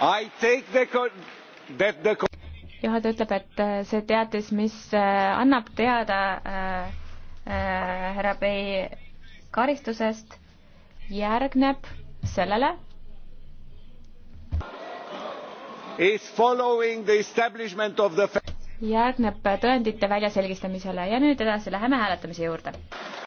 The... juhataja ütleb, et äh, see teatis, mis äh, annab teada äh, äh, härra Bey karistusest, järgneb sellele. Is following the establishment of the järgneb tõendite väljaselgistamisele ja nüüd edasi läheme hääletamise juurde.